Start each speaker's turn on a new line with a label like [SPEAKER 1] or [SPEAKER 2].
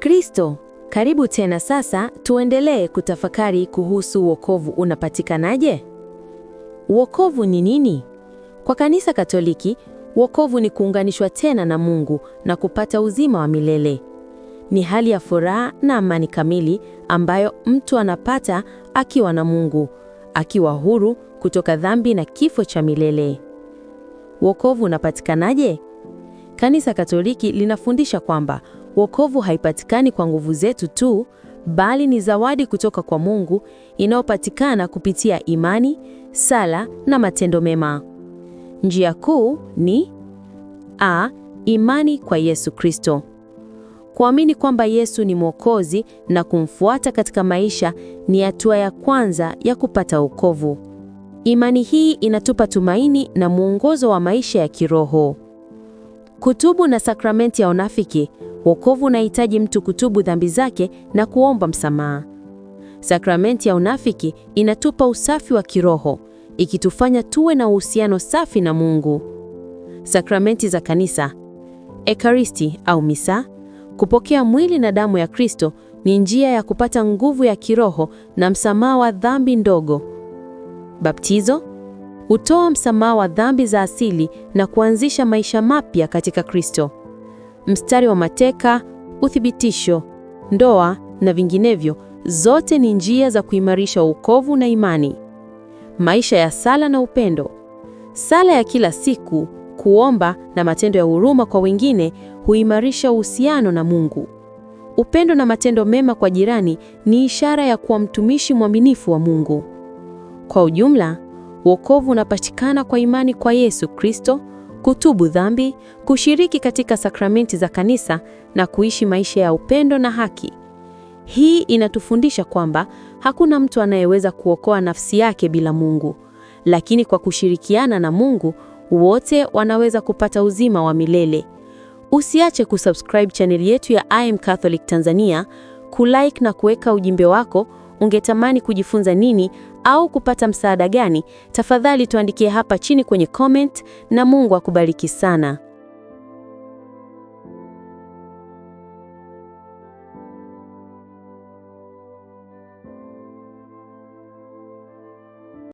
[SPEAKER 1] Kristo, karibu tena. Sasa tuendelee kutafakari kuhusu wokovu unapatikanaje? Wokovu ni nini? Kwa Kanisa Katoliki, wokovu ni kuunganishwa tena na Mungu na kupata uzima wa milele. Ni hali ya furaha na amani kamili ambayo mtu anapata akiwa na Mungu, akiwa huru kutoka dhambi na kifo cha milele. Wokovu unapatikanaje? Kanisa Katoliki linafundisha kwamba Wokovu haipatikani kwa nguvu zetu tu, bali ni zawadi kutoka kwa Mungu inayopatikana kupitia imani, sala na matendo mema. Njia kuu ni a, imani kwa Yesu Kristo. Kuamini kwamba Yesu ni Mwokozi na kumfuata katika maisha ni hatua ya kwanza ya kupata wokovu. Imani hii inatupa tumaini na mwongozo wa maisha ya kiroho. Kutubu na sakramenti ya unafiki Wokovu unahitaji mtu kutubu dhambi zake na kuomba msamaha. Sakramenti ya unafiki inatupa usafi wa kiroho, ikitufanya tuwe na uhusiano safi na Mungu. Sakramenti za kanisa. Ekaristi au misa, kupokea mwili na damu ya Kristo ni njia ya kupata nguvu ya kiroho na msamaha wa dhambi ndogo. Baptizo hutoa msamaha wa dhambi za asili na kuanzisha maisha mapya katika Kristo mstari wa mateka, uthibitisho, ndoa na vinginevyo, zote ni njia za kuimarisha wokovu na imani. Maisha ya sala na upendo. Sala ya kila siku, kuomba na matendo ya huruma kwa wengine huimarisha uhusiano na Mungu. Upendo na matendo mema kwa jirani ni ishara ya kuwa mtumishi mwaminifu wa Mungu. Kwa ujumla, wokovu unapatikana kwa imani kwa Yesu Kristo, kutubu dhambi, kushiriki katika sakramenti za kanisa na kuishi maisha ya upendo na haki. Hii inatufundisha kwamba hakuna mtu anayeweza kuokoa nafsi yake bila Mungu, lakini kwa kushirikiana na Mungu wote wanaweza kupata uzima wa milele. Usiache kusubscribe chaneli yetu ya I am Catholic Tanzania, kulike na kuweka ujumbe wako. Ungetamani kujifunza nini au kupata msaada gani, tafadhali tuandikie hapa chini kwenye comment, na Mungu akubariki sana.